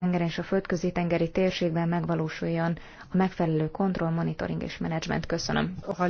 tenger és a földközi tengeri térségben megvalósuljon a megfelelő kontroll, monitoring és menedzsment. Köszönöm.